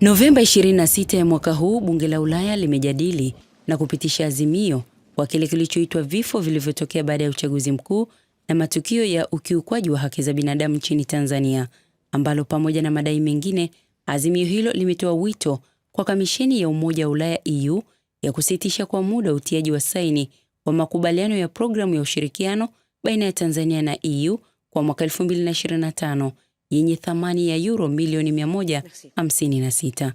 Novemba 26 mwaka huu bunge la Ulaya limejadili na kupitisha azimio kwa kile kilichoitwa vifo vilivyotokea baada ya uchaguzi mkuu na matukio ya ukiukwaji wa haki za binadamu nchini Tanzania, ambalo pamoja na madai mengine, azimio hilo limetoa wito kwa Kamisheni ya Umoja wa Ulaya EU ya kusitisha kwa muda utiaji wa saini wa makubaliano ya programu ya ushirikiano baina ya Tanzania na EU kwa mwaka 2025 yenye thamani ya euro milioni 156.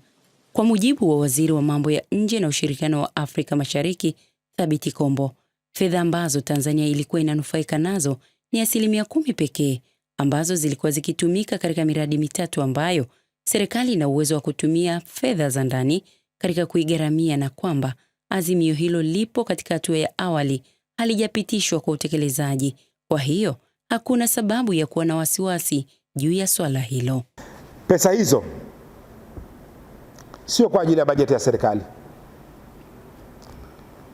Kwa mujibu wa waziri wa mambo ya nje na ushirikiano wa Afrika Mashariki, Thabiti Kombo, fedha ambazo Tanzania ilikuwa inanufaika nazo ni asilimia kumi pekee ambazo zilikuwa zikitumika katika miradi mitatu ambayo serikali ina uwezo wa kutumia fedha za ndani katika kuigharamia na kwamba azimio hilo lipo katika hatua ya awali, halijapitishwa kwa utekelezaji. Kwa hiyo hakuna sababu ya kuwa na wasiwasi juu ya swala hilo. Pesa hizo sio kwa ajili ya bajeti ya serikali,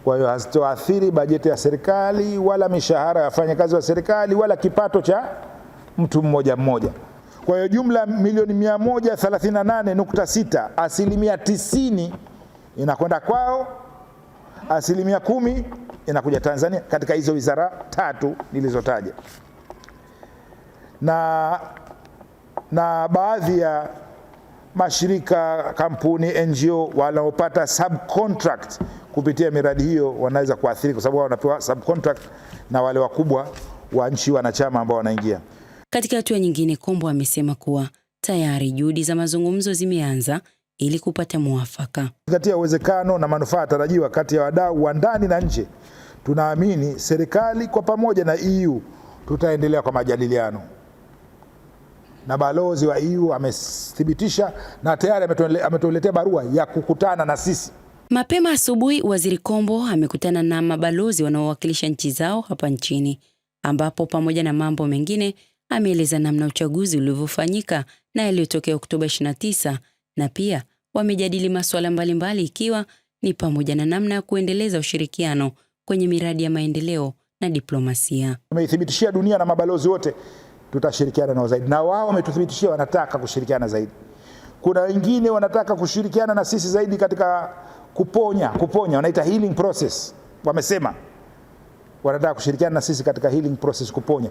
kwa hiyo hazitoathiri bajeti ya serikali wala mishahara ya wafanyakazi wa serikali wala kipato cha mtu mmoja mmoja. Kwa hiyo jumla milioni 138.6, asilimia 90 inakwenda kwao, asilimia kumi inakuja Tanzania katika hizo wizara tatu nilizotaja na na baadhi ya mashirika, kampuni, NGO wanaopata subcontract kupitia miradi hiyo wanaweza kuathirika kwa sababu wanapewa subcontract na wale wakubwa wa nchi wanachama ambao wanaingia. Katika hatua nyingine, Kombo amesema kuwa tayari juhudi za mazungumzo zimeanza ili kupata mwafaka. Katika uwezekano na manufaa tarajiwa kati ya wadau wa ndani na nje, tunaamini serikali kwa pamoja na EU tutaendelea kwa majadiliano na balozi wa EU amethibitisha na tayari ametuletea barua ya kukutana na sisi. Mapema asubuhi, Waziri Kombo amekutana na mabalozi wanaowakilisha nchi zao hapa nchini, ambapo pamoja na mambo mengine ameeleza namna uchaguzi ulivyofanyika na yaliyotokea Oktoba 29 na pia wamejadili masuala mbalimbali ikiwa ni pamoja na namna ya kuendeleza ushirikiano kwenye miradi ya maendeleo na diplomasia. Tumeithibitishia dunia na mabalozi wote tutashirikiana nao zaidi, na wao wametuthibitishia wanataka kushirikiana zaidi. Kuna wengine wanataka kushirikiana na sisi zaidi katika kuponya, kuponya wanaita healing process, wamesema wanataka kushirikiana na sisi katika healing process, kuponya.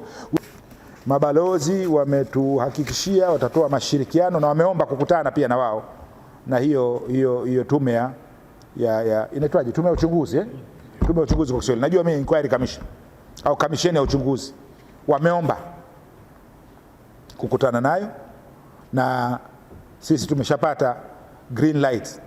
Mabalozi wametuhakikishia watatoa mashirikiano na wameomba kukutana pia na wao na hiyo hiyo hiyo tume ya ya inaitwaje, tume ya uchunguzi eh? Tume ya uchunguzi kwa Kiswahili najua mimi inquiry commission au kamisheni ya uchunguzi wameomba kukutana nayo na sisi tumeshapata green light.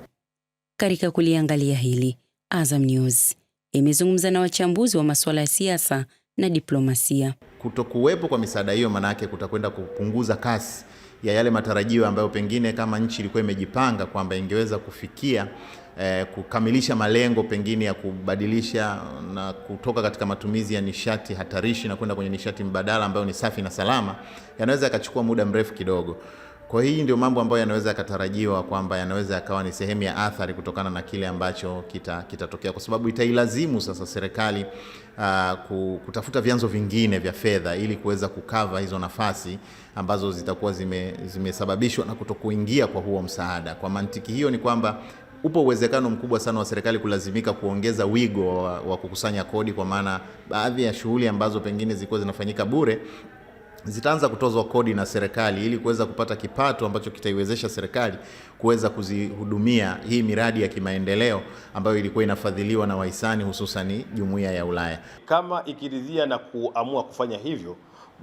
Katika kuliangalia hili, Azam News imezungumza na wachambuzi wa masuala ya siasa na diplomasia. Kutokuwepo kwa misaada hiyo, maana kutakwenda kupunguza kasi ya yale matarajio ambayo pengine kama nchi ilikuwa imejipanga kwamba ingeweza kufikia eh, kukamilisha malengo pengine ya kubadilisha na kutoka katika matumizi ya nishati hatarishi na kwenda kwenye nishati mbadala ambayo ni safi na salama, yanaweza yakachukua muda mrefu kidogo. Kwa hii ndio mambo ambayo yanaweza yakatarajiwa kwamba yanaweza yakawa ni sehemu ya athari kutokana na kile ambacho kitatokea kita, kwa sababu itailazimu sasa serikali uh, kutafuta vyanzo vingine vya fedha ili kuweza kukava hizo nafasi ambazo zitakuwa zime, zimesababishwa na kutokuingia kwa huo msaada. Kwa mantiki hiyo ni kwamba upo uwezekano mkubwa sana wa serikali kulazimika kuongeza wigo wa, wa kukusanya kodi, kwa maana baadhi ya shughuli ambazo pengine zilikuwa zinafanyika bure zitaanza kutozwa kodi na serikali ili kuweza kupata kipato ambacho kitaiwezesha serikali kuweza kuzihudumia hii miradi ya kimaendeleo ambayo ilikuwa inafadhiliwa na wahisani hususan Jumuiya ya Ulaya. Kama ikiridhia na kuamua kufanya hivyo,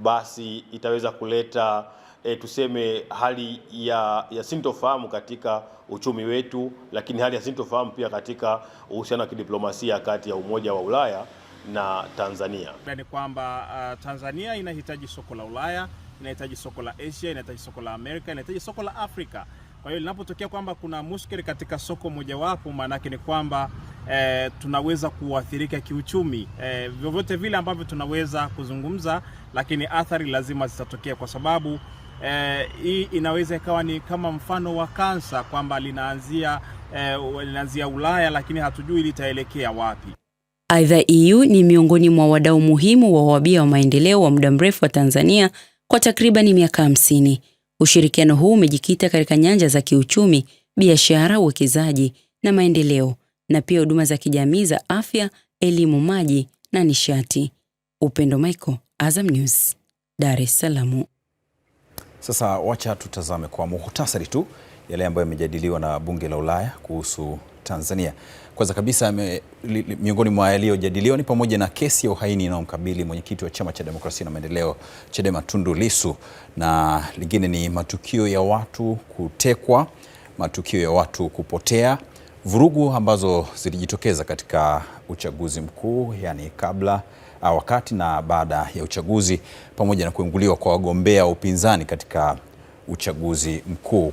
basi itaweza kuleta e, tuseme hali ya, ya sintofahamu katika uchumi wetu, lakini hali ya sintofahamu pia katika uhusiano wa kidiplomasia kati ya Umoja wa Ulaya na Tanzania. Ni kwamba uh, Tanzania inahitaji soko la Ulaya, inahitaji soko la Asia, inahitaji soko la Amerika, inahitaji soko la Afrika. Kwa hiyo linapotokea kwamba kuna mushkeli katika soko mojawapo, maanake ni kwamba eh, tunaweza kuathirika kiuchumi eh, vyovyote vile ambavyo tunaweza kuzungumza, lakini athari lazima zitatokea kwa sababu Eh, hii inaweza ikawa ni kama mfano wa kansa kwamba linaanzia eh, linaanzia Ulaya lakini hatujui litaelekea wapi. Aidha, EU ni miongoni mwa wadau muhimu wa wabia wa maendeleo wa muda mrefu wa Tanzania kwa takribani miaka hamsini. Ushirikiano huu umejikita katika nyanja za kiuchumi, biashara, uwekezaji na maendeleo, na pia huduma za kijamii za afya, elimu, maji na nishati. Upendo Michael, Azam News, Dar es Salaam. Sasa wacha tutazame kwa muhtasari tu yale ambayo yamejadiliwa na bunge la Ulaya kuhusu Tanzania. Kwanza kabisa, miongoni mwa yaliyojadiliwa ni pamoja na kesi ya uhaini inayomkabili mwenyekiti wa chama cha demokrasia na maendeleo Chadema Tundu Lissu, na lingine ni matukio ya watu kutekwa, matukio ya watu kupotea, vurugu ambazo zilijitokeza katika uchaguzi mkuu, yani kabla ah, wakati na baada ya uchaguzi pamoja na kuinguliwa kwa wagombea upinzani katika uchaguzi mkuu.